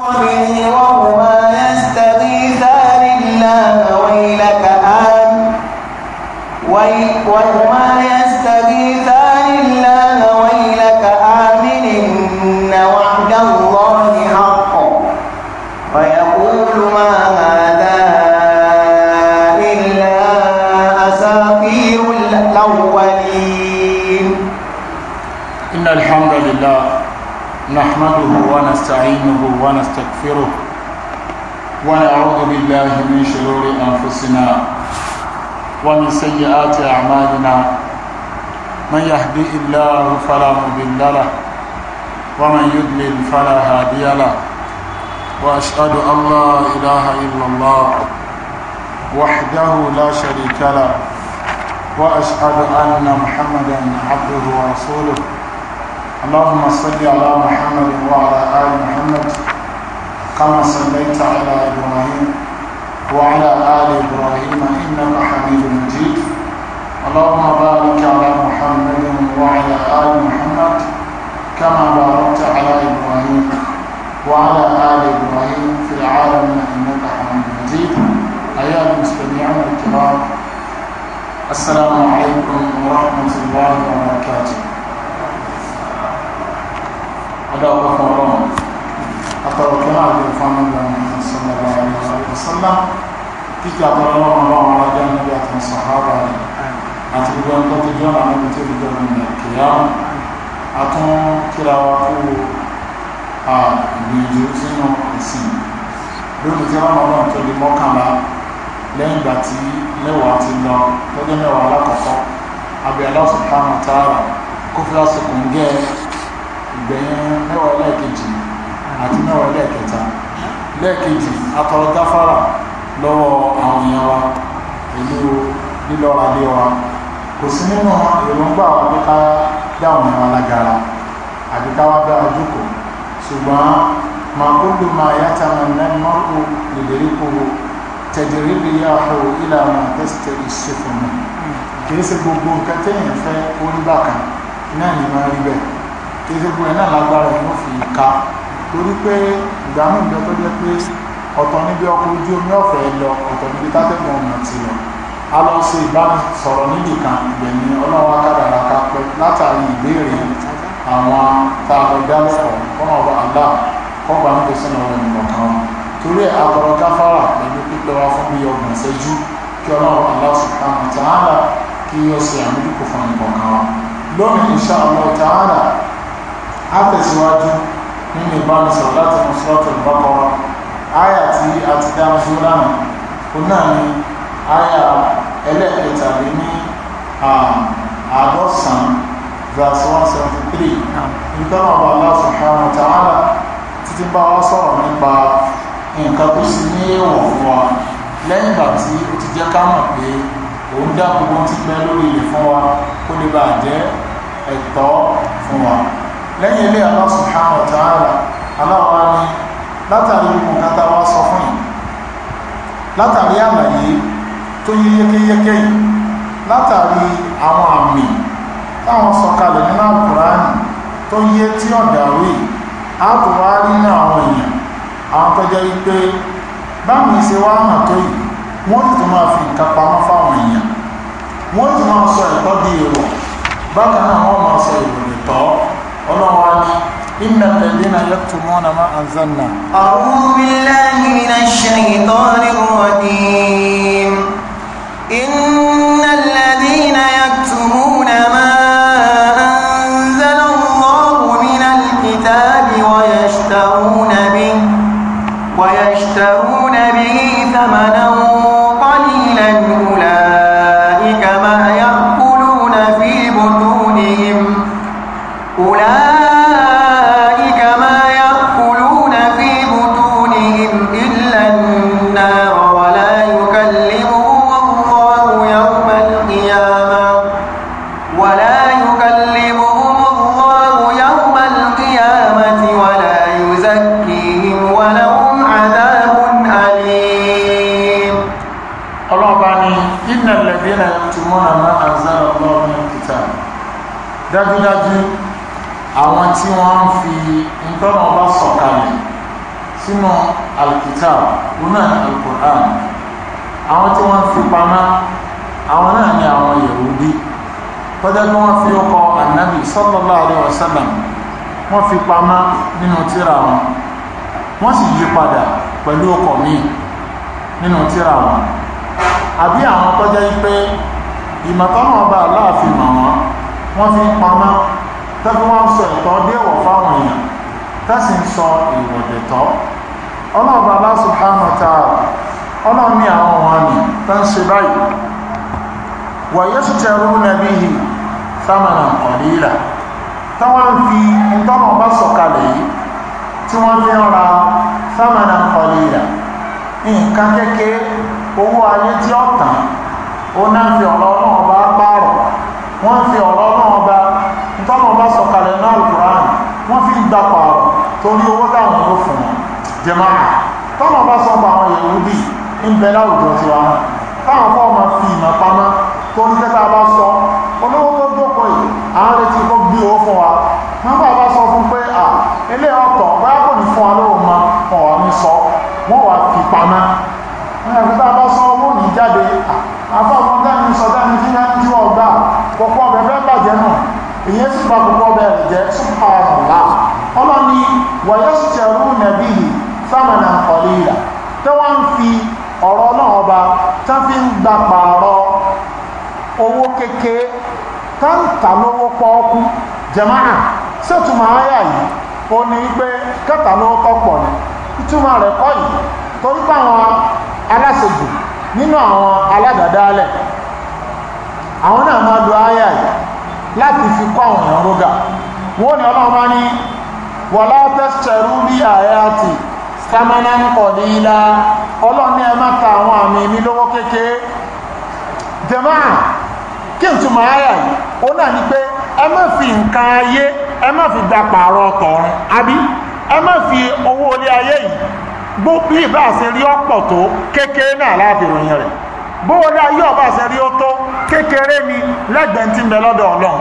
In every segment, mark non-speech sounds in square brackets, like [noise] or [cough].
وهما نحمده ونستعينه ونستغفره ونعوذ بالله من شرور أنفسنا ومن سيئات أعمالنا من يهدي الله فلا مضل له ومن يضلل فلا هادي له وأشهد أن لا إله إلا الله وحده لا شريك له وأشهد أن محمدا عبده ورسوله اللهم صل على محمد وعلى آل محمد كما صليت على إبراهيم وعلى آل إبراهيم إنك حميد مجيد اللهم بارك على محمد وعلى آل محمد كما باركت على إبراهيم وعلى آل إبراهيم في العالم إنك حميد مجيد أيها المستمعون الكرام السلام عليكم ورحمة الله وبركاته ada ọkọ fún Ọlọ́run atọrọ kí wọn àti fún ọmọ ìgbà wọn sọmọ ìgbà wọn ìgbà wọn sọlá kíkà àtọrọ Ọlọ́run Ọlọ́run alájọ níbi àtàwọn sàhábà rẹ àti gbogbo ẹni tó ti jọ àwọn ẹni tó ti jọ àwọn ẹni kìyà àtún kíra wa kó ìgbìyànjú sínú ìsìn lórí tí wọn Ọlọ́run tó di mọ́kànlá ah, lẹ́yìn ìgbà tí mẹ́wàá ti lọ lọ́jọ́ mẹ́wàá alákọ̀ọ́kọ́ abẹ́ aláṣọ gbẹ̀yẹn mẹ́wàá lẹ́ẹ̀kejì àti mẹ́wàá lẹ́ẹ̀kẹta lẹ́ẹ̀kejì atọrọ gáfárà lọ́wọ́ àwọn èèyàn wa pẹ̀lú lílọ́ra lé wa kò sí nínú èròǹgbà wa bí ká dáwọn èèyàn alágara àbí ká wá dára jókòó ṣùgbọ́n màá kó lè máa yàtà mẹ́rin mọ́kù lèdèríkò tẹ̀dẹ̀rí lè yá ọ̀hún ìlànà tẹ́sítẹ́ ìṣẹ́fọ̀nà hmm. kì í ṣe gbogbo nǹkan téèyàn fẹ́ orí bàkà náà ní máa rí bẹ́ẹ̀ gbogbo ẹ̀ náà lágbára ẹ̀ ló fi ka torí pé ìgbà míì bẹ tó jẹ́ pé ọ̀tọ̀ níbi ọkọ̀ ojú omi ọ̀fẹ́ lọ ọ̀tọ̀ níbi tátẹ́gùn ọ̀nà ti lọ a lọ sí ìbánisọ̀rọ̀ níbì kan ibẹ̀ ni ọlọ́run akádàrà ká pẹ́ látàrí ìbéèrè àwọn tá a lọ dálẹ́kọ̀ọ́ kọ́nà ọba àlá kọ́gbà ń pèsè ọ̀rọ̀ ìmọ̀ kan torí àtọ̀rọ̀ káfárà pẹ̀lú pípẹ́ wa fún bí ọgbọ̀n ṣẹ́jú kí ọlọ́run àlá subhanahu wa ta'ala kí ó ṣe àmójúkò fún ìmọ̀ kan lónìí insha Allah ta'ala a tẹ̀síwájú nínú ìbánisọ̀rọ̀ láti mú sọ́ọ̀tù ìbákọ́wá àyà tí a ti dá sí lánàá ó náà ní àyà ẹlẹ́ẹ̀kẹtàlẹ́ ní àádọ́sàn verse one seventy three nǹkan ọba Allah subhanahu wa títí bá wá sọ̀rọ̀ nípa nǹkan tó sì ní èèwọ̀ fún wa lẹ́yìn ìgbà tí ó ti jẹ́ ká mọ̀ pé òun dá gbogbo ti pẹ́ lórí ilẹ̀ fún wa kó lè bàa jẹ́ ẹ̀tọ́ fún wa lẹ́yìn ilé Allah subhanahu wa ta'ala aláwọ̀ ni látàrí nǹkan tá a wá sọ fún yìí látàrí àlàyé tó yí yékéyéké yìí látàrí àwọn àmì táwọn sọ̀kalẹ̀ nínú àkùránì tó yé tí ọ̀dàwé yìí àtùwárí ní àwọn èèyàn àwọn tó wípé báwọn ṣe wá hàn tó yìí wọ́n sì tún máa fi nǹkan pamọ́ fáwọn èèyàn wọ́n sì máa sọ ẹ̀tọ́ di èrò bákan náà wọ́n máa sọ èrò ìtọ́ إن الذين يكتمون ما أنزلنا أعوذ بالله من الشيطان الرجيم إن الذين يكتمون ما أنزل الله من الكتاب ويشترون به ويشترون به ثمنا alladhina yaktumuna ma anzala Allahu min kitab dájúdájú àwọn tí wọ́n ń fi nǹkan ọba sọ̀kalẹ̀ sínú alkitab una alquran àwọn tí wọ́n fi pamá àwọn náà ni àwọn yahudi tọ́jọ́ bí wọ́n fi ọkọ̀ annabi sallallahu alaihi wasallam wọ́n fi pamá nínú tírà wọn wọ́n sì yí padà pẹ̀lú ọkọ̀ míì nínú tírà wọn àbí àwọn tó jẹ́ pé ìmọ̀tọ́nà ọba aláàfin mọ̀ wọ́n wọ́n fi pamọ́ tó fi wọ́n sọ ìtọ́ déwọ̀ fáwọn èèyàn tẹ́sì ń sọ ìwọ̀dẹ̀tọ́ ọlọ́ọ̀bà Allah subhanahu wa ta'ala ọlọ́ọ̀ni àwọn wọn ni tó ń ṣe báyìí wà yastaruna bihi thamanan qalila táwọn fi ìtọ́nà ọba sọ̀kalẹ̀ yìí tí wọ́n fi ń ra thamanan qalila nǹkan kékeré owó ayé tí ó tàn ó náà fi ọ̀rọ̀ náà bá pààrọ̀ wọ́n fi ọ̀rọ̀ náà bá ìtọ́nà bá sọ̀kalẹ̀ náà Al-Qur'an wọ́n fi gbà pààrọ̀ torí owó dáhùn ló fún wọn jẹmáà tọ́nà bá sọ pa àwọn Yẹhudi ń bẹ láwùjọ ti wa táwọn fọ́ ma fi ìmọ̀ pamọ́ torí tẹ́ta bá sọ olówó tó dókò yìí à ń retí kó gbé owó fún wa nígbà bá sọ fún pé à ilé ọ̀tọ̀ bá kò ní fún wa lóhùn ma wọn wà ní sọ wọn wà fi pamọ́ ẹ̀kútà bá san owó ní jáde afọ́fọ́ dẹ́nu sọ dẹ́nu tí náà tí wọ́n gbà pọ̀pọ̀ ọbẹ̀ fẹ́ bàjẹ́ náà èyí sì bá pọ̀pọ̀ ọbẹ̀ rẹ̀ jẹ́ subhanallah ọlọ́ni wọ̀yọ́ fi ọ̀rọ̀ náà ọba tó fi ń gba pààrọ̀ owó kékeré tó ń tà lówó pọ́ọ́kú jẹ̀máà sẹ́tùmọ̀ ayà yìí ó ní kọ́ yìí torí pàwọn aláṣejù nínú àwọn aládàdálẹ̀ àwọn náà máa lo ayà yìí láti fi kọ́ àwọn èèyàn rógà wọ́n ni ọlọ́run bá ní wala tashtaru bí ayati samanan qalila ọlọ́run ní ẹ ta àwọn àmì mi lówó kékeré jẹmáà kí n tún máa ayà yìí ó náà ni pé ẹ má fi nǹkan ayé ẹ má fi dapàrọ̀ àbí ẹ má fi owó ilé ayé yìí bó bí ìbá ṣe rí ọ̀pọ̀ tó kékeré náà láàbìròyìn rẹ̀ bó o dá yí rí ó tó kékeré ni lẹ́gbẹ̀ẹ́ tí ń bẹ lọ́dọ̀ ọlọ́run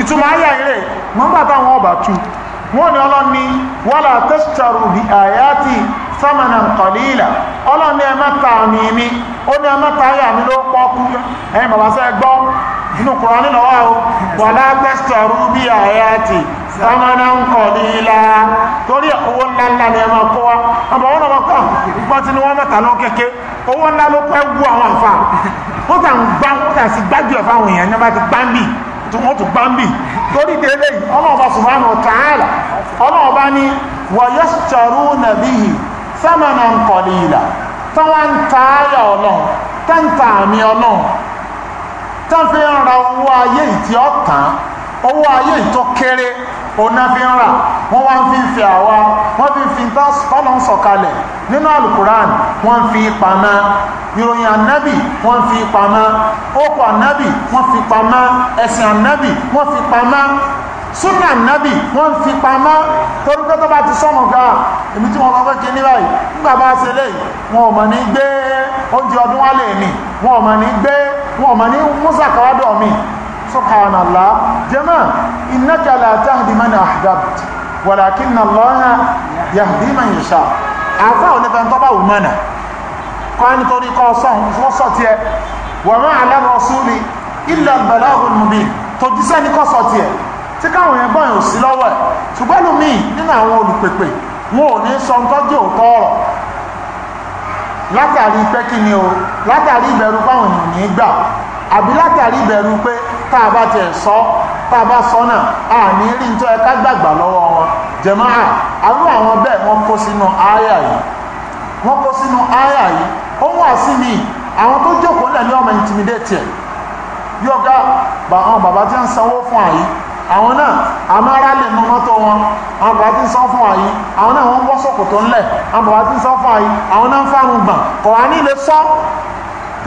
ìtumọ̀ ayé ayé rẹ̀ wọ́n bá táwọn ọba tú wọ́n ọlọ́run wala tashtaru bi ayati samanan qalila ọlọ́run ní ẹ mẹ́ta mi ó ní ẹ mẹ́ta ayé àmì ló ẹ̀yìn bàbá sẹ́ gbọ́ inú kùránì lọ́wọ́ o wà lágbẹ́sẹ̀ rúbí àyàtì sámánà ń kọ̀ ní ilá torí owó ńlá ńlá ni ẹmọ kọ́ wa ọmọ wọn lọ́wọ́ kọ́ ìgbọ́ tí ni wọ́n mẹ́ta lọ kéke owó ńlá ló pẹ́ wú àwọn àfà wọ́n tà ń gbá wọ́n tà sí gbájú ẹ̀fà àwọn èèyàn nígbà tí gbáǹbì tí wọ́n tún gbáǹbì torí délé yìí ń kọ̀ ní ilá tọ́wọ́n ń ta ayà tán fi ń ra owó ayé ìtì ọ̀tàn owó ayé ìtọ́ kéré oná fi ń rà wọ́n wá ń fi fi àwa wọ́n fi fi tọ́lọ́ ń sọ̀kalẹ̀ nínú alukuran wọ́n fi pamọ́ ìròyìn ànábì wọ́n fi pamọ́ okò ànábì wọ́n fi pamọ́ ẹ̀sìn ànábì wọ́n fi pamọ́ súnà nábì wọ́n fi pamọ́ torí pé tó bá ti sọ́mọ̀ ga èmi tí wọ́n fẹ́ kí ní báyìí nígbà bá ṣe léyìí wọn ò mọ̀ ní gbé oúnjẹ ọdún wálé mi wọn ò mọ̀ ní gbé wọn ma ní musa kawadọ̀ mi subhanallah jama innaka la tahdi man ahbabta walakinna allaha yahdi man yasha àfá òní fẹ́ tọ́bá òmànà kọ́ ẹni tó ní kọ́ sọ́ tí ẹ wà máa alára ọ̀súlì illa al-balaghul mubin tó jíṣẹ́ ní kọ́ sọ tí látàrí pé ni o látàrí ìbẹ̀rù fáwọn èèyàn ní gbà àbí látàrí ìbẹ̀rù pé tá a bá tiẹ̀ sọ tá a bá sọ náà a ní rí nítorí ẹ̀ka gbàgbà lọ́wọ́ wọn jẹ̀máà àrùn àwọn bẹ́ẹ̀ wọ́n kó sínú ááyà yìí wọ́n kó sínú ááyà yìí ó wà sí mi àwọn tó jókòó lẹ̀ ní ọmọ intimidate ẹ̀ yọ̀gá àwọn bàbá tí ń sanwó fún àyí àwọn náà amára lè mọ mọ́tò wọn àwọn bàbá tí ń san fún àyí àwọn náà wọ́n bọ́ sọ̀kò tó ńlẹ̀ àwọn bàbá tí ń san fún àyí àwọn náà ń fáwọn gbà kọ̀wá ní ilé sọ́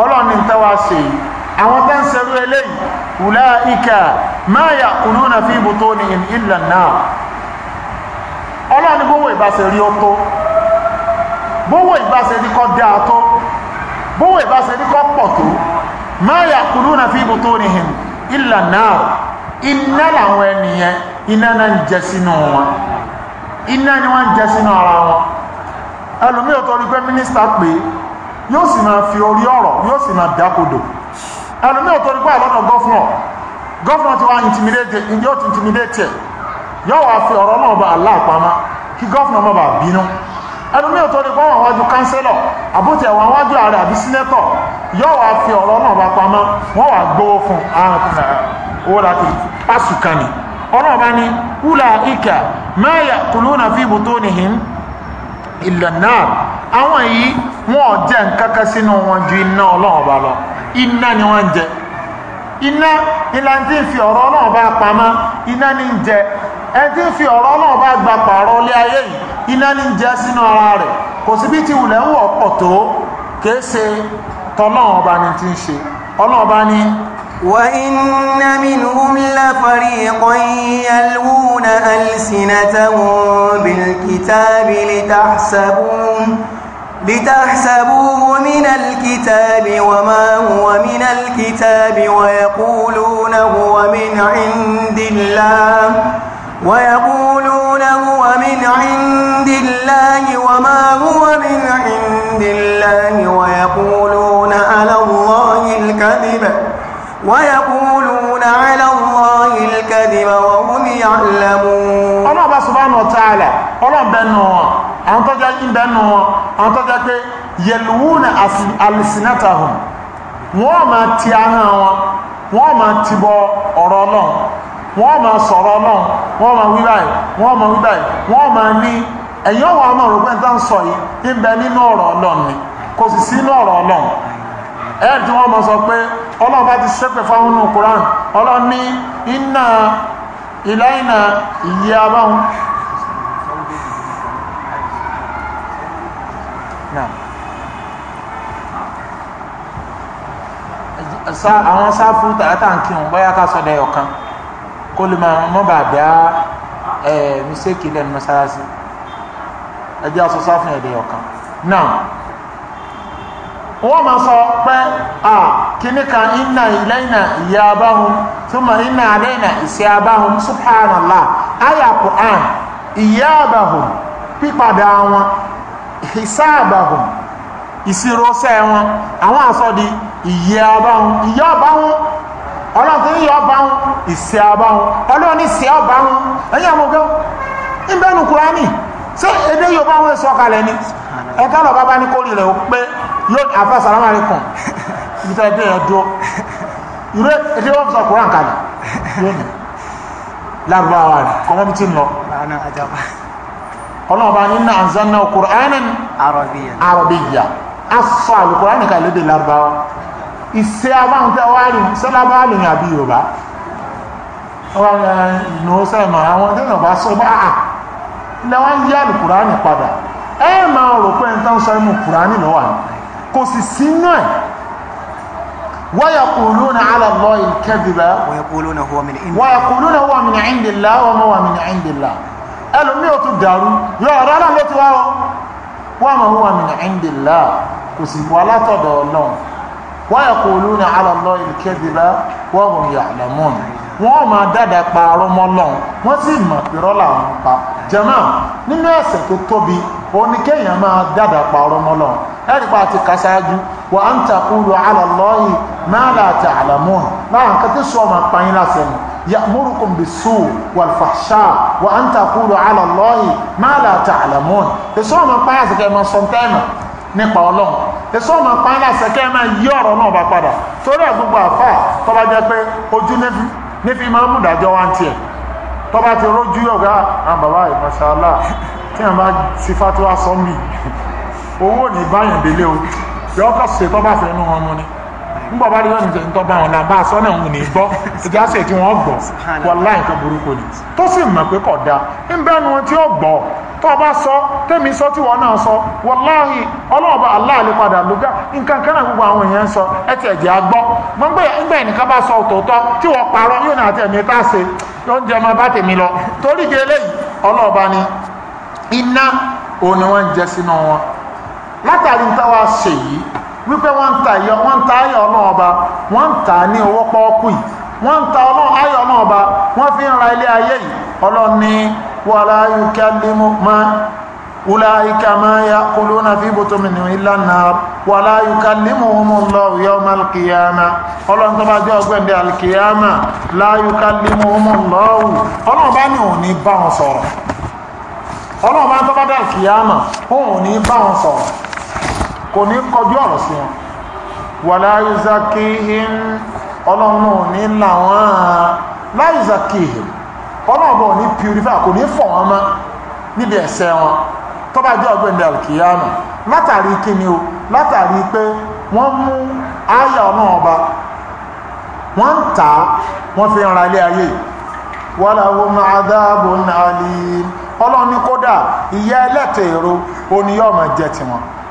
ọlọ́run ní tẹ́wà ṣe àwọn tẹ́ ń ṣerú eléyìí ulaika ma ya'kuluna fi butunihim illa an-nar ọlọ́run ní gbówó ìbáṣe rí ọtọ́ gbówó ìbáṣe rí kọ́ dáa tó gbówó ìbáṣe rí kọ́ pọ̀ tó ma ya'kuluna fi butunihim illa an-nar iná làwọn ènìyàn iná ni wọ́n jẹ sínú ara wọn ẹlòmíì ò torí pé mínísítà pé yóò sì máa fi orí ọ̀rọ̀ yóò sì máa dákodò ẹlòmí ò torí pé àlọ́nà ti wá intimidate yóò ti intimidate yóò wá fi ọ̀rọ̀ náà bá aláàpamọ́ kí gọ́fúnọ̀ má bàa bínú ẹlòmí ò torí pé wájú kánsẹ́lọ̀ àbútẹ̀ wájú ààrẹ àbí yóò wá fi ọ̀rọ̀ náà bá wọ́n wá gbówó fún wọn ò jẹ nkankan sínú wọn ju iná ọlọ́run ọba lọ iná ni wọ́n ń jẹ iná ilà tí ń fi ọ̀rọ̀ ọlọ́run ọba pamọ́ iná ni ń jẹ ẹ tí fi ọ̀rọ̀ ọlọ́run ọba gba pààrọ̀ ilé ayé yìí iná ni ń jẹ sínú ara rẹ̀ kò síbi tí wùlẹ̀ ń wọ̀ pọ̀ tó kìí ṣe tọ́lọ́run ọba ni ti ń ṣe ọlọ́run ọba ni وإن منهم لفريقا يلوون ألسنتهم بالكتاب لتحسبوه لتحسبوه من الكتاب وما هو من الكتاب ويقولون هو من عند الله ويقولون هو من عند الله وما هو من عند الله ويقولون على الله الكذب ويقولون على الله الكذب وهم يعلمون الله سبحانه وتعالى الله بنوه àwọn tó jẹ́ ìbẹ̀ nù wọn àwọn tó jẹ́ pé yẹlùwúnà alìsínátà hùn wọ́n ma ti ahọ́n wọn wọ́n ma ti bọ ọ̀rọ̀ náà wọ́n ma sọ̀rọ̀ náà wọ́n ma wí báyìí wọ́n ma wí báyìí ma ní ẹ̀yìn ọ̀wọ̀ àwọn òrùgbẹ́ tó ń sọ yìí nínú ọ̀rọ̀ náà ni kò sì sí inú ọ̀rọ̀ náà wọ́n ma sọ pé ọlọ́run bá ti ṣépè fáwọn ọlọ́run ní iná àwọn sáfù tààtàǹkì ń bóyá ká sọdẹ ọ̀kan kó lè máa mọ́ bàa dá mistake lẹ́nu mọ́sálásí ẹ jẹ́ aṣọ sáfù ẹ̀dẹ̀ ọ̀kan náà wọ́n máa sọ pé à kíní kan iná ìlẹ́yìn ìyá abáhùn túmọ̀ iná àlẹ́yìn ìṣẹ́ abáhùn subhanallah ayà Qur'an ìyá abáhùn pípadà wọn hisaabahum ìṣirò ṣẹ́ wọn àwọn àsọdí ìyẹ́ ọbáhun ìyẹ́ ọbáhun ọlọ́run ìyẹ́ ọbáhun ìṣẹ́ ọbáhun ọlọ́run ìṣẹ́ ọbáhun ẹ̀yìn àmọ́gẹ́ ìbẹ́nu kúránì ṣé èdè yorùbá wọn sọ kalẹ̀ ni ẹ̀ka lọ bá bá ní kórì rẹ̀ ó pé yóò àfa sàlámà rẹ̀ kàn nítorí pé ẹ̀dọ́ ìró èdè wọn sọ kúrán kalẹ̀ yóò ní lárúbáwá rẹ̀ kọ́mọ́bí ti ń lọ ọlọ́run bá inna anzalna qur'anan arabiyya afa alukur'ani ka lédè Lárúbáwá iṣẹ́ abáhùntẹ́ wá rí sẹ́lábá lóyìn àbí yorùbá wọ́n ní sẹ́mọ̀ ah, àwọn tẹ́lẹ̀ bá sọ bá à lẹ́wọ́n yí alukur'ani padà ẹ máa rò pé ń tán sọ inú kur'ani lọ́wọ́ kò sì sínú ẹ̀ ويقولون على الله الكذب ويقولون هو من عند الله ويقولون هو من عند الله وما هو من عند الله ẹlòmí ò tún dàrú yọ ọ̀rọ̀ náà ló ti wá o wọ́n mọ̀ wọ́n mi ní ẹ̀ńdìlá kò sì wà látọ̀dọ̀ ọlọ́run wọ́n yẹ kó olú ní alọ́lọ́ ìkẹ́dìlá wọ́n mọ̀ yà lẹ́mọ̀n wọ́n máa dáadáa pa arọ́ mọ́ lọ́run wọ́n sì mọ̀ irọ́ láti àlàmọ́ láwọn kẹ́tẹ́ sọ ọmọ apáyín lásẹ̀ يأمركم بالسوء والفحشاء وأن تقولوا على الله ما لا تعلمون èso ma pa àṣẹ kẹ́ ma sọ tẹ́ẹ̀mà nípa ọlọ́run èso ma pa àṣẹ kẹ́ ma yí ọ̀rọ̀ náà bá padà torí ẹ̀ gbogbo àfà tó bá jẹ́ pé ojú nífi máa mú ìdájọ́ wá ń tiẹ̀ tó bá ti rójú ọ̀gá nbọ bá rí wọn jẹ ntọ́ bá wọn náà bá a sọ ní gbọ́ nke sè wọ́n gbọ́ wọn láì nǹkan burúkú ni tó sì mọ̀ pé sọ tẹ́mi sọ tí sọ wọláhì ọlọ́ọ̀bá aláàlẹ́ lóga nǹkan kan náà gbogbo àwọn èèyàn sọ ẹ ti ẹ̀jẹ̀ agbọ́ sọ òtòótọ́ tí wọ́n parọ́ yóò náà tá a ṣe yóò ń lọ torí eléyìí ọlọ́ọ̀bá ni iná òun ni wọ́n ń jẹ wípé wọn ń ta ìyọ wọ́n ta ayọ̀ náà ọba wọn ta ní owó pọ́ọ́kù yìí wọ́n ta ayọ̀ náà ọba wọn fi ń ra ilé ayé yìí ọlọ́run ní wala ma ulaika ma yaquluna fi butumin illa nar wala yukallimuhumullahu yawmal qiyamah ọlọ́run tó bá alkiyama la yukallimuhumullahu bá ní bá wọn sọrọ. kò ní kọjú ọ̀rọ̀ sí wọn wà yuzakihim ọlọ́run ní làwọn ọlọ́ọ̀bọ̀ ní purify kò ní fọ̀ wọn mọ́ níbi ẹ̀ṣẹ̀ wọn tó bá jẹ́ ọgbẹ̀ndẹ̀ alkiyama látàrí kíni o látàrí pé wọ́n mú ayà ọ̀nà ọba wọ́n ń wọ́n fi ń ra ilé ayé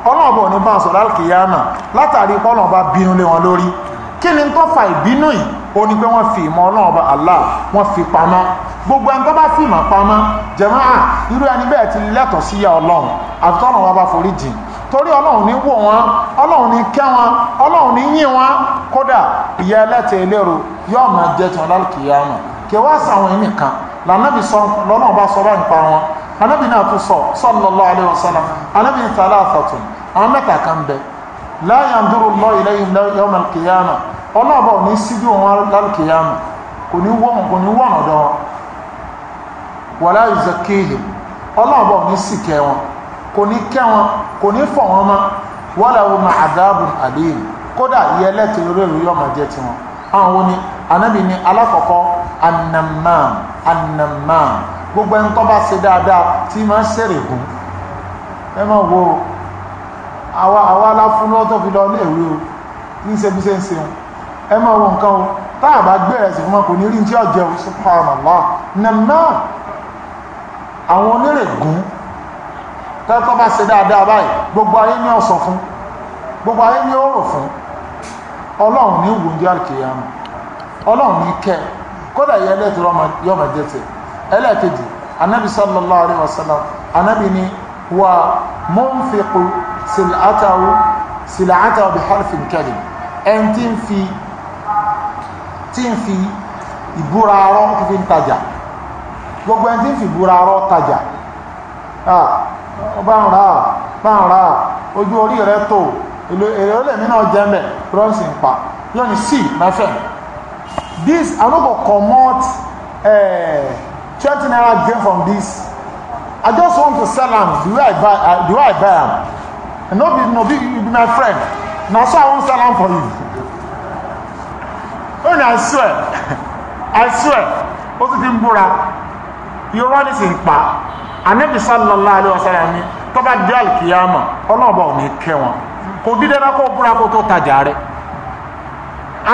ọlọ́ọ̀bọ̀ ní bá sọ̀rọ̀ alkiyama látàrí pọ́lọ̀ọ̀bá bínú lé wọn lórí kí ni tó fa ìbínú yìí ó ní pé wọ́n fi ìmọ̀ ọlọ́ọ̀bá Allah wọ́n fi pamọ́ gbogbo ẹni bá fi ìmọ̀ pamọ́ jàmáà irú ẹni bẹ́ẹ̀ ti lẹ́tọ̀ọ́ síyà ọlọ́run àtọ́run wọn bá forí jìn torí ọlọ́run ní wò wọn ọlọ́run ní kẹ́ wọn ọlọ́run ní anábì ìfàlà àfọ̀tún àwọn mẹ́ta kan bẹ láyé àdúró lọ ilé yọmọ kìyàmà ọlọ́ọ̀bọ̀ ní síjú wọn lálùkìyàmà kò ní wọ́n kò ní wọ́n ọ̀dọ́ wọn wàlá ìzẹ̀kéyè ọlọ́ọ̀bọ̀ ní sì kẹ wọn kò ní kẹ wọn kò ní fọ̀ wọn mọ́ wọ́lá wọn máa àdáàbò àdéhìn kódà yẹ lẹ́tọ̀ lórí ìlú yọmọ jẹ tiwọn àwọn wo ni anábì ní alákọ̀ọ́kọ́ anamam anamam gbogbo ẹni tó bá ṣe dáadáa tí máa ń ṣèrè gùn ẹmọ wo àwa àwa aláfúnná tó fi lọ léèwé o ní sẹ́bíṣẹ́ ń seun ẹmọ wo nǹkan o táà bá gbẹ̀rẹ̀ sí fún ọkùn ní rí tí ọjẹ́ o subhanallah nàmá àwọn onírè gún tọ́tọ́ bá ṣe dáadáa báyìí gbogbo ayé ní ọ̀sán fún gbogbo ayé ní ọ̀rọ̀ fún ọlọ́run ní wùndí àkèyàmù ọlọ́run ní kẹ́ kódà yẹ ẹlẹ́tì yọmọ jẹ́ tẹ̀ ẹlẹ́kejì anábì sallallahu alaihi wasallam anábì ní ومنفق سلعته سلعته بحرف كلم ẹn tí ń fi tí ń fi ìbúra arọ́ tó fi ń tajà gbogbo ẹn tí ń fi ìbúra arọ́ tajà bá ń ra bá ń ra ojú orí rẹ tó èrè olè mi jẹ́mẹ̀ rọ́nsì ń pa yóò ní sí mẹ́fẹ́ this i no go naira gain from this I just want to sell am the way I buy uh, the way I buy am and no be no be you be my friend na so I wan sell am for you oh na I swear I swear ó ti ti ń búra yorùbá ní sì ń pa anabi sallallahu alayhi wa sallam ni tọ́ba di alikiyama ọlọ́ọ̀bá ò ní kẹ́ wọn kò dídé náà kó búra kó tó tajà rẹ̀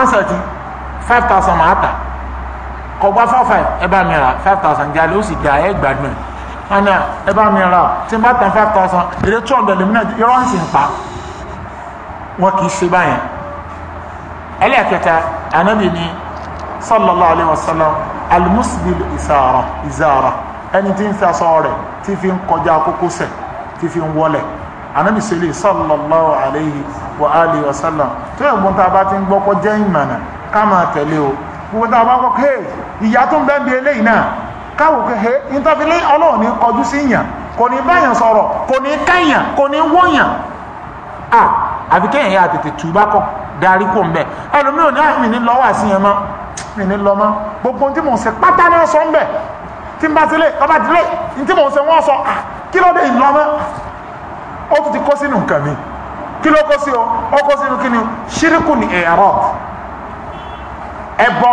answer ti five thousand máa tà kọ̀gbá four five ẹ bá mi rà five thousand jalè ó sì dà ẹ́ gbàdúrà ana ẹ bá mi ra tí n bá tàn five thousand èrè two hundred lèmi náà irọ́ ń sì ń pa wọn kì í ṣe báyẹn ẹlẹ́ẹ̀kẹta anabi ni sallallahu alayhi wa sallam alimusbil isaara isaara ẹni tí ń fi aṣọ rẹ̀ tí fi ń kọjá kókósẹ̀ tí fi ń wọlẹ̀ anabi sẹlẹ̀ sallallahu alayhi wa alayhi wa tó yẹ gbọ́n tá a bá ti ń gbọ́ kọjá ìmọ̀nà ká máa tẹ̀lé o gbogbo tá bá kọ́ hey ìyá tó ń bẹ́ẹ̀ bí eléyìí náà káwò kéhe ìtàfilé ọlọ́run ní kọjú sí yàn kò ní báyàn sọ̀rọ̀ kò ní káyàn kò ní wọ́yàn à àfi kéèyàn yà tètè tù bá kọ darí kò ń bẹ ẹlòmíràn ní àmì ah, ní lọ́wọ́ àti yẹn mọ́ mi ní gbogbo tí mò ń ṣe pátá náà sọ ń bẹ̀ tí n bá ti lé tọ́ba ti lé tí mò ń ṣe wọ́n sọ ah, kí ló dé ìlọ́mọ́ ó tún ti kó sínú nǹkan mi kí ló kó sí o ó kó sínú kí ni ṣíríkù ní ẹ̀rọ ẹbọ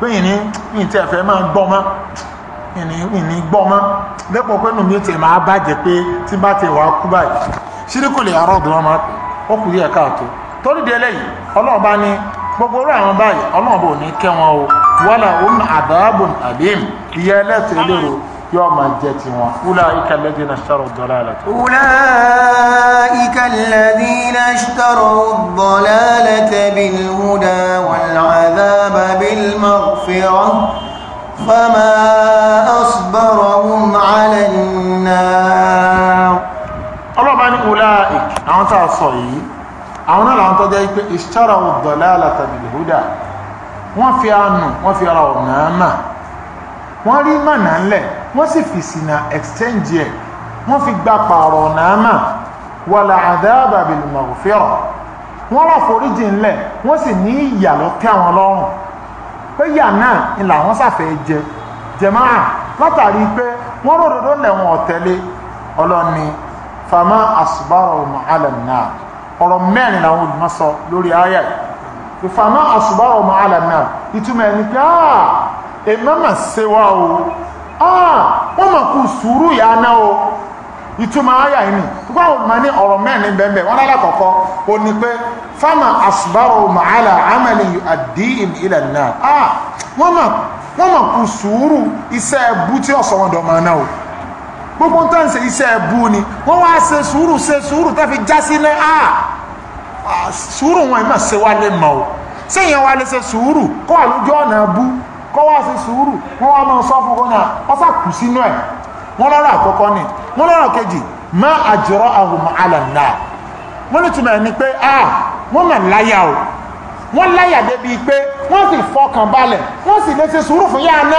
pé ìní ìtì ẹ̀fẹ́ máa gbọ́ mọ́ ìní ìní gbọ́ mọ́ lẹ́pọ̀ pé nù mí tẹ̀ máa bàjẹ́ pé tí bá tẹ̀ wá kú báyìí ṣíríkù lè arọ́ ọ̀dùn ọmọ ó kù díẹ̀ káàtó torí di eléyìí ọlọ́run ní gbogbo orú àwọn báyìí ọlọ́run bò ní kẹ́ wọn o wọ́lá òun àdáàbùn àbíyìn ìyá ẹlẹ́sẹ̀ lérò yóò máa jẹ ti wọn wúlá ìkàlẹ́dì náà ṣàrọ̀ dọ́là lẹ́tọ̀. wúlá ìkàlẹ́dì náà ṣàrọ̀ dọ́là lẹ́tẹ̀ bíi كبيرة فما أصبرهم على النار ọlọ́bàá ní ọláìk àwọn tàà sọ yìí àwọn náà làwọn tọ́jẹ́ ipé ìṣtára ọ̀dọ̀lá alátàbìlìhúdà wọ́n fi àánú wọ́n fi ara ọ̀nà àmà wọ́n rí mànà ńlẹ̀ wọ́n sì fi sínà exchange ẹ̀ wọ́n fi gba pààrọ̀ ọ̀nà àmà wà láàdáàbàbìlìmọ̀ òfẹ́rọ̀ wọ́n rọ̀ foríjì ńlẹ̀ wọ́n sì ní ìyà àwọn lọ́rùn pé yà náà ni làwọn sàfẹ́ jẹ jẹmáà látàrí pé wọ́n ròdòdó lẹ̀wọ̀n ọ̀tẹ́lé ọlọ́ni fama asùbárọ̀ mọ̀hálẹ̀ náà ọ̀rọ̀ mẹ́rin làwọn olùmọ̀ sọ lórí ayà yìí fama asùbárọ̀ mọ̀hálẹ̀ náà ìtumọ̀ ẹni pé áà èmọ́mà ṣe wá o áà wọ́n mọ̀ kú sùúrù yà náà o ìtumọ̀ ayà ìní púpọ̀ olùmọ̀ ní ọ̀rọ̀ mẹ́rin bẹ̀m̀bẹ̀ wọ́n lálàkọ̀ọ́kọ́ o ní pé fama asbaro ma'ala amali addi'im ila an-nar ah wọ́n mà wọ́n mà kú sùúrù iṣẹ́ ẹbú tí ọ̀sọ̀ wọn dọ̀mọ̀ náà gbogbo tó ń ṣe iṣẹ́ ẹbú ni wọ́n wá ṣe sùúrù ṣe sùúrù tó fi já sí náà ah sùúrù wọn ìmọ̀ ṣe ṣe wá ṣe wọ́n lọ́rọ̀ àkọ́kọ́ ni wọ́n lọ́rọ̀ kejì má àjọrọ̀ ahùn alànà wọ́n ní túnmọ̀ ní pé a ah, wọ́n mà láyà o wọ́n láyà débi pé wọ́n sì fọkàn balẹ̀ wọ́n sì lè ṣe sùúrù fún yáa ná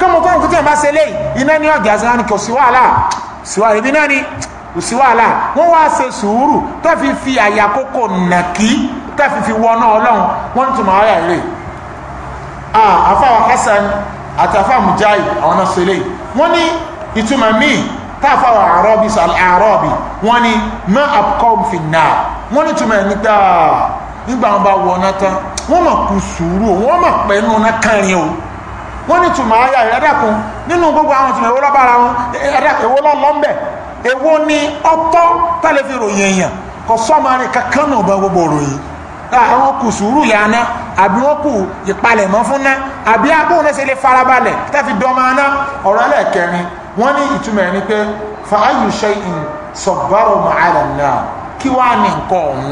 kọ́mọ tí ẹ̀ bá ṣe léyìí iná ní ọ̀gá sí kò sí wàhálà sí wàhálà ibi náà ni kò sí wàhálà wọ́n wá ṣe sùúrù tó fi fi àyà kókò nàkí tó fi fi wọná ọlọ́run wọ́n túnmọ̀ ayà rèé ah, àfáwà Hasan àti àfáà Mujahid àwọn náà ṣe léyìí wọ́n ní ìtumọ̀ míì táfàwà àrọ́bí sàl àrọ́bí wọ́n ni mọ́ àpkọ́m fi náà wọ́n ni túnmọ̀ nígbà nígbà wọn bá wọná tán wọ́n mọ̀ kú sùúrù wọ́n mọ̀ pẹ̀lú ọ̀nà kẹrin o wọ́n ni túnmọ̀ ayà ẹ̀dàkùn nínú gbogbo àwọn túnmọ̀ èwo lọ́bára wọn èwo lọ́lọ́mbẹ̀ èwo ni ọtọ́ tálẹ́fì ròyìn èèyàn kò sọ́mọ rẹ̀ kankan náà bá gbogbo ròyìn ah, àwọn kù sùúrù lẹ́aná àbí wọ́n kù ìpalẹ̀mọ́ fún ná àbí abóhùn náà ṣe lè farabalẹ̀ tẹ́fi dọ́mọ aná ọ̀rọ̀ ẹlẹ́ẹ̀kẹrin wọ́n ní ìtumọ̀ ẹni pé fa ayu shay'in sọ̀bárọ̀ màálà náà kí wàá ní nǹkan ọ̀hún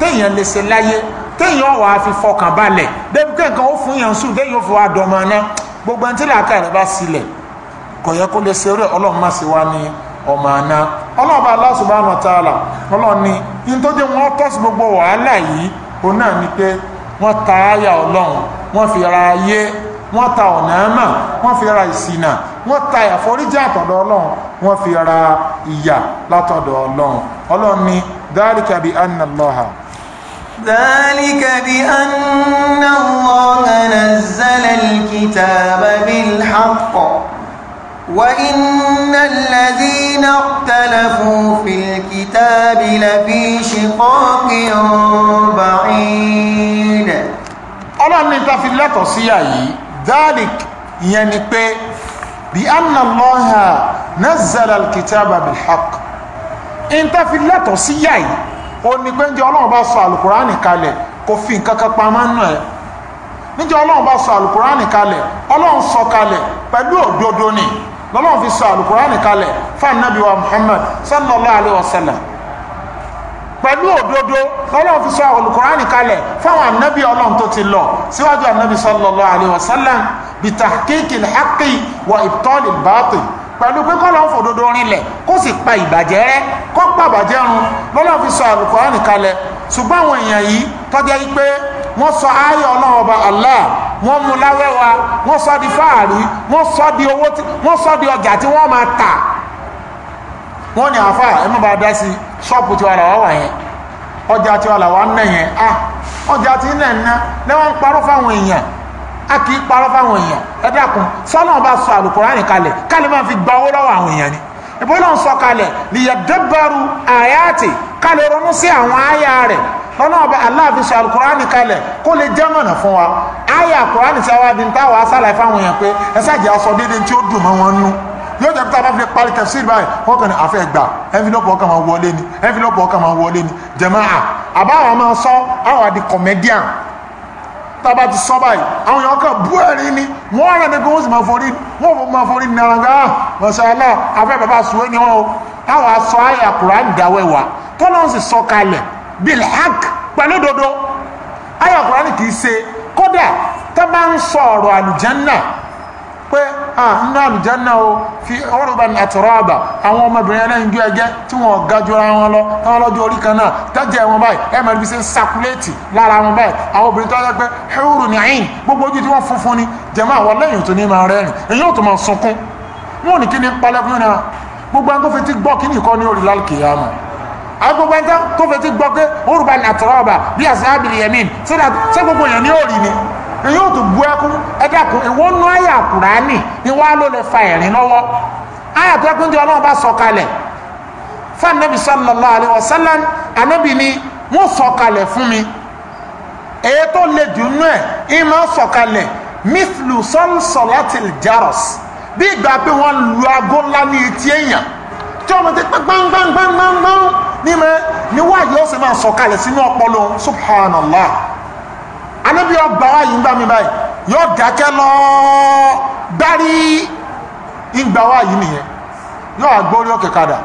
téèyàn lè ṣe láyé téèyàn wà á fi fọkàn balẹ̀ débi pé nǹkan ó fún yàn sùn téèyàn ó fi wá dọ̀mọ ná gbogbo ẹni tí làákà rẹ̀ bá sílẹ̀ kò yẹ kó lè ṣe rẹ̀ ọlọ́run má ṣe wá ní ọmọ àná ọlọ́ọ̀bá Allah subhanahu wa ta'ala ọlọ́ọ̀ni ní tó dé wọ́n tọ́sí gbogbo wàhálà yìí òun náà ni pé wọ́n ta áyà ọlọ́run wọ́n fi ra ayé wọ́n ta ọ̀nà ẹ̀mà wọ́n fi ra ìṣìnà wọ́n ta àforíjì àtọ̀dọ̀ ọlọ́run wọ́n fi ra ìyà látọ̀dọ̀ ọlọ́run ọlọ́run ni dhalika bi anna Allaha dhalika bi anna Allaha nazzala al-kitaba bil-haqq وإن الذين اختلفوا في الكتاب لفي شقاق بعيد ọlọ́run ní ta fi lẹ́tọ̀ọ́ sí àyí dhalik ìyẹn ni pé bí anna Allaha nazzala al-kitaba bil-haqq in ta fi lẹ́tọ̀ sí yà yìí ó ní pé njẹ́ ọlọ́run bá sọ alukurani kalẹ̀ kò fi nǹkan kan pamọ́ nù ẹ̀ níjẹ́ ọlọ́run bá sọ alukurani kalẹ̀ ọlọ́run sọ kalẹ̀ pẹ̀lú òdodo ni lọ́lọ́run fi sọ alukurani kalẹ̀ fún anabiwa Muhammad sallallahu alayhi wa sallam pẹ̀lú òdodo ọlọ́run fi sọ olùkọ́ránì kalẹ̀ fáwọn ànábì ọlọ́run tó ti lọ síwájú ànábì sallallahu alaihi wasallam bi tahqiqil haqqi wa ibtalil batil pẹ̀lú pé kọ́lọ́ fòdodo rinlẹ̀ kó sì pa ìbàjẹ́ rẹ́ kó pa ìbàjẹ́ run lọ́lọ́ fi sọ àlùkọ́ránì kalẹ̀ ṣùgbọ́n àwọn èèyàn yìí tọ́jẹ́ pé wọ́n sọ ayé ọlọ́run ọba Allah wọ́n mú láwẹ́wà wọ́n sọ di fáàrí wọ́n sọ di owó wọ́n sọ di ọjà tí wọ́n máa tà wọ́n ní àfà ẹ má bá dá sí ṣọ́ọ̀pù tí wà làwà wà yẹn ọjà tí wà làwà ń nà yẹn a ah, ọjà tí ń nà ná lẹ́wọ́n ń parọ́ fáwọn èèyàn a kì í parọ́ fáwọn èèyàn ẹ sọ́nà bá sọ àlùkùránì kalẹ̀ kálí máa fi gba owó lọ́wọ́ àwọn èèyàn ni ìbò náà sọ kalẹ̀ liyadabbaru ayati kálí ronú sí àwọn àyà rẹ̀ lọ́nà ọba aláàfin sọ àlùkùránì kalẹ̀ kó lè jẹ́ mọ̀nà fún wa àyà àlùkùránì tí a wá di ń táwọn asálàyé fáwọn èèyàn pé ẹ aṣọ déédéé tí ó dùn mọ́ wọn nú yóò jẹ́ pé tá a bá fi parí tafsir báyìí wọ́n kàn ní àfẹ́ gbà envelope ọkàn máa wọlé ni envelope ọkàn máa wọlé ni jàmáà àbáwọn máa sọ àwọn àdì comedian tá a bá ti sọ báyìí àwọn èèyàn kan bú ẹ̀rín ni wọ́n rẹ̀ ní kí wọ́n sì máa forí wọ́n fò máa forí nara nga ah, mọ̀sálà àfẹ́ bàbá sùwé ni wọ́n o àwọn aṣọ àyà Qur'an dáwẹ́wà tọ́lọ́ sì sọ kalẹ̀ bil haqq pẹ̀lú dodo àyà Qur'an kì í ṣe kódà tá a bá ń sọ ọ̀rọ̀ àlùjánnà pé nínú àlùjánà o fi ọrùbá àtọ̀rọ̀ àbà àwọn ọmọbìnrin ẹlẹ́yinjú ẹgẹ́ tí wọ́n ga ju ara wọn lọ táwọn lọ́jọ́ orí kan náà tẹ́jẹ́ wọn báyìí ẹ mọ̀ níbi ṣe ń sakuléètì lára wọn báyìí àwọn obìnrin tó yẹ pé hẹ́rù ní àyìn gbogbo ojú tí wọ́n funfun ni jẹ̀mọ́ àwọn lẹ́yìn tó ní máa rẹ́rìn èyí ò tó máa sunkún wọn ò ní kí ni palẹ́kùn náà gbogbo àwọn tó fi ti gbọ́ kí nìkan ní orí lálùkìyàmù agbogbo ẹ̀ńtá tó fi ti gbọ́ pé orúbá nàtọ́rọ̀ ọba bí àṣà àbìlì yẹmí sódà sẹ́gbogbo yẹn ní òrì ni yóò tún bu ẹkún ẹdẹkùn ìwọ nú àyà kùránì ni wàá ló lè fa ẹ̀rín lọ́wọ́ àyà tó ẹkún tí Ọlọ́run bá sọ kalẹ̀ fún anabi sallallahu alayhi wa sallam anabi ni wọ́n sọ kalẹ̀ fún mi èyí tó le jù nú ẹ̀ ìmọ̀ sọ kalẹ̀ mithlu salsalatil jaros bí ìgbà pé wọ́n lu aago ńlá ní etí èèyàn tí ọmọ ti pẹ́ gbáǹgbáǹgbáǹgbáǹ ní wáyé ó sì máa sọ kalẹ̀ sínú ọpọlọ subhanallah anábì ọgbà wa yìí ń gbà mí báyìí yóò dákẹ́ lọ dárí ìgbà wa yìí nìyẹn yóò agbórí òkè kadà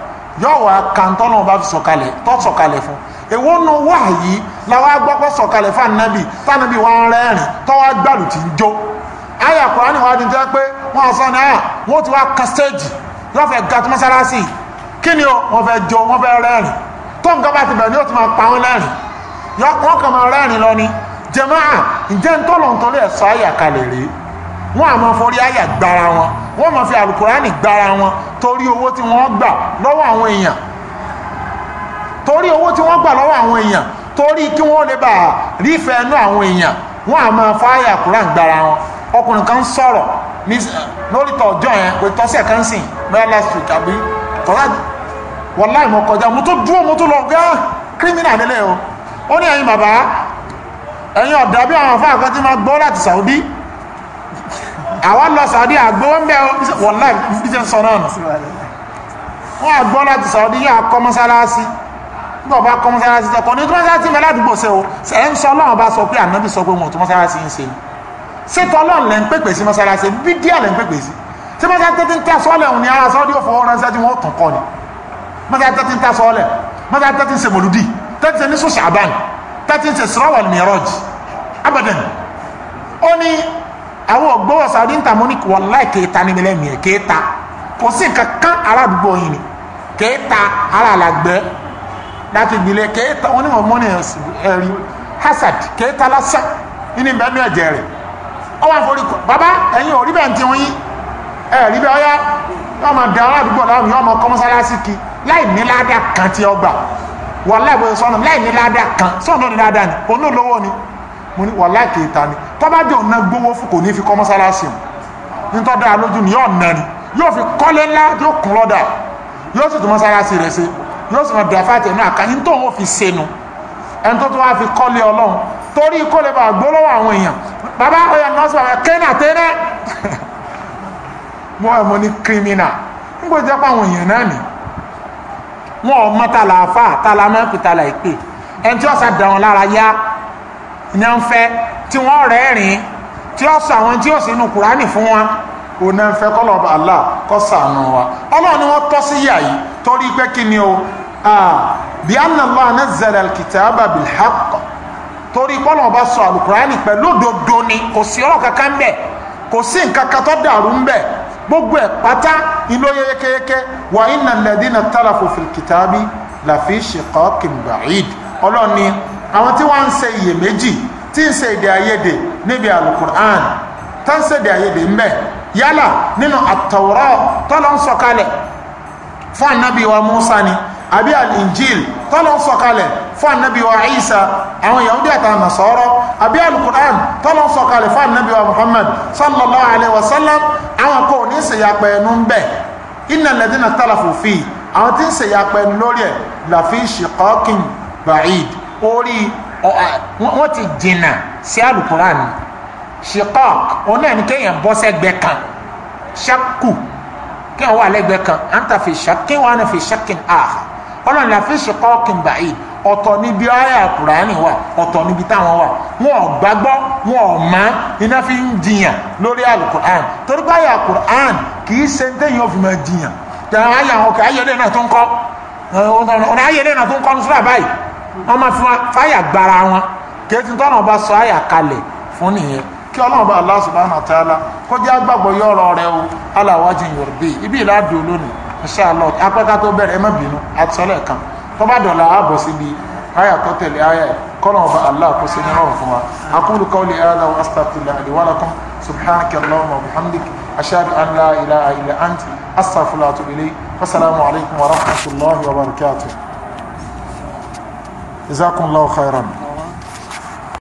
yóò wá kàńtọ́ náà bá fi sọ̀kalẹ̀ tọ́ sọ̀kalẹ̀ fún èwo nu wà yìí làwọn agbọ́pọ̀ sọ̀kalẹ̀ fún anábì tánábì wọn rẹ́rìn tọ́wọ́ gbàlù tí ń jó àyà kùránì wa di jẹ́ pé wọ́n sọ ní àyà wọ́n ti wá kan stéèjì wọ́n fẹ́ ga tó mọ́sálásì kí ni wọ́n fẹ́ jó wọ́n fẹ́ rẹ́rìn tó nǹkan bá ti bẹ̀rẹ̀ ni ó ti máa pa wọ́n lẹ́rìn wọ́n kàn máa rẹ́rìn lọ ni jàmáà ǹjẹ́ ń tọ́lọ̀ ń tọ́lọ̀ ẹ̀sọ́ àyà kalẹ̀ rèé wọ́n á máa forí àyà gbára wọn wọ́n máa fi àlùkùránì gbára wọn torí owó tí wọ́n gbà lọ́wọ́ àwọn èèyàn torí owó tí wọ́n gbà lọ́wọ́ àwọn èèyàn torí kí wọ́n lè bá rífẹ́ ẹnu àwọn èèyàn wọ́n á máa fa àyà kùránì gbára wọn ọkùnrin kan sọ̀rọ̀ lórí tọ̀jọ́ yẹn pé tọ́sẹ̀ kan sìn mẹ́rin last week àbí wọ́n láì mọ́ kọjá mo tó dúró mo tó lọ gán kírímìnà lélẹ̀ o ó ní ẹ̀yin bàbá ẹ̀yin ọ̀dọ́ bí àwọn afáà kan ti máa gbọ́ láti Saudi àwọn lọ Saudi àgbọ́wọ́ mẹ́ wọ̀lá ìbíjẹ́ sọ náà nù wọ́n àgbọ́ láti Saudi yóò akọ́ mọ́sálásí nígbà bá kọ́ mọ́sálásí tọkọ ní mọ́sálásí mẹ́lá àdúgbò sẹ́ o ẹ̀ ń sọ Ọlọ́run bá sọ pé ànábì sọ pé wọn tó mọ́sálásí ń ṣe ṣètò Ọlọ́run lẹ́ ń pèpè sí mọ́sálásí bí díẹ̀ lẹ́ ń pèpè sí tí mọ́sálásí tẹ́tí ń tẹ́ sọ́ọ̀lẹ̀ òun ni ara Saudi ó fọwọ́ ránṣẹ́ tí wọ́n tàn kọ́ ni mọ́sálásí tẹ́tí ń tẹ́ sọ́ọ̀lẹ̀ mọ́sálásí tẹ́tí ń ṣe mọ̀lúdì tẹ́tí ń ṣe ní sùn ṣàbáni tẹ́tí ṣe Isra wal Miraj abadan ó ní àwọn ògbówó Saudi níta mo ní wallahi kéta níbi lẹ́mìí ẹ̀ kéta kò sí nǹkan kan aládùúgbò yìí ni kéta alàlàgbẹ́ láti gbilẹ̀ kéta wọn ní wọn mọ́ ní ẹ̀rí hasad kéta lásán nínú ìbẹ́nu ẹ̀jẹ̀ rẹ̀ ọ wà forí kọ bàbá ẹ̀yin ò rí bẹ́ẹ̀ ti wọ́n yín ẹ̀ rí bẹ́ẹ̀ ọyá yọọ máa dẹ aládùúgbò láwùjọ ọmọ kọ́mọ́sálásí kí láì ní ládàá kan tí ọ wàláì bó ṣe sọ́nà láì ní ládàá kan sọ́nà ní ládàá ni òun ló lówó ni mo ní wàláì kèéta ni tọ́ba jẹ́ òun náà gbówó fún kò ní fi kọ́ mọ́sálásí mu nítọ́ dára lójú ni yóò nà ni yóò fi kọ́lé ńlá yóò kún lọ́dà yóò sì tún mọ́sálásí rẹ̀ ṣe yóò sì máa dàfà tẹ̀ náà kàyí tó òun fi ṣe nu ẹni tó tún wá fi kọ́lé ọlọ́run torí kó lè bá gbólówó àwọn èèyàn bàbá ọyọ nọ́ọ̀sì bàbá kéènà tẹ́lẹ̀ [laughs] mo ní kírímínà ń gbọ́dọ̀ pé àwọn èèyàn náà nìí wọn ò mọ tala àfa tala máa ń pè tala ìpè ẹni tí wọ́n sá dàn wọn lára yá ní wọ́n fẹ́ tí wọ́n rẹ́rìn tí wọ́n sọ àwọn tí wọ́n sì nu kùránì fún wọn ò náà fẹ́ kọ́ lọ́ba Allah kọ́ sànù wa ọlọ́run ni wọ́n tọ́ sí yà yìí torí pé kí ni o bí anna Allah nazzala al-kitaba bil-haqq torí pọ́lọ̀ bá sọ àlùkùránì pẹ̀lú òdodo ni kò sí ọ̀rọ̀ kankan bẹ́ẹ̀ kò sí nǹkan kan tó dàrú ń bẹ́ẹ̀ gbogbo ẹ̀ pátá ìlò yẹkẹyẹkẹ wà iná lẹ́dínà tàlàfò fìlkìtàbí làfi ṣèkọ́ kìmbàíd ọlọ́ni àwọn tí wọ́n ń ṣe iyèméjì tí ń ṣe èdè àyèdè níbi alukur'an tó ń ṣe èdè àyèdè ń bẹ yálà nínú àtọ̀wọ́rọ̀ tọ́lọ́ ń sọ̀kalẹ̀ fún ànábì Musa ni àbí al tọ́lọ ń sọ̀kalẹ̀ fún ànábì wa Isa àwọn Yahudi àtàwọn Nasara àbí alukur'an tọ́lọ ń sọ̀kalẹ̀ fún ànábì wa Muhammad sallallahu alaihi wasallam àwọn kò ní ṣèyàpẹ̀ ẹnu ń bẹ̀ innal ladina ikhtalafu fi àwọn tí ń ṣèyàpẹ̀ ẹnu lórí ẹ̀ lafi shiqaqin ba'id orí wọ́n ti jìnnà sí alukur'an shiqaq òun náà ní kéèyàn bọ́ sẹ́gbẹ́ kan ṣakku kéèyàn wà lẹ́gbẹ́ kan anta fi shakkin ọlọ́run la fi ṣùkọ́ kìmbà yìí ọ̀tọ̀ níbi ayé àkùránì wà ọ̀tọ̀ níbi táwọn wà wọn ò gbàgbọ́ wọn ò mọ̀ iná fi ń jiyàn lórí alukur'an torí pé ayé àkùránì kì í ṣe téèyàn ò fi máa jiyàn tẹ̀wọ́n ayé àwọn ọkọ̀ ayé náà tó ń kọ́ ọ̀nà ayé náà tó ń kọ́ ní sùúrà báyìí wọ́n máa fáyà gbára wọn kì í ti tọ́nà sọ ayà kalẹ̀ fún nìyẹn kí ọlọ́run bá Allah subhanahu kó jẹ́ agbàgbọ́ yọ̀rọ̀ rẹ o aláwájú yorùbá ibi ìlà dùn lónìí inshallah apẹ́ká tó bẹ̀rẹ̀ ẹ má bínú àtúnṣọlẹ̀ kan tó bá dọ̀la ààbọ̀ síbi àyà tó tẹ̀lé àyà kọ́nà ọba allah kó sí nínú ọ̀fun wa aqulu qawli hadha wa astaghfirullah li wa lakum subhanaka allahumma wa bihamdik ashhadu an la ilaha illa ant astaghfiruka wa atubu wa rahmatullahi wa barakatuh khairan.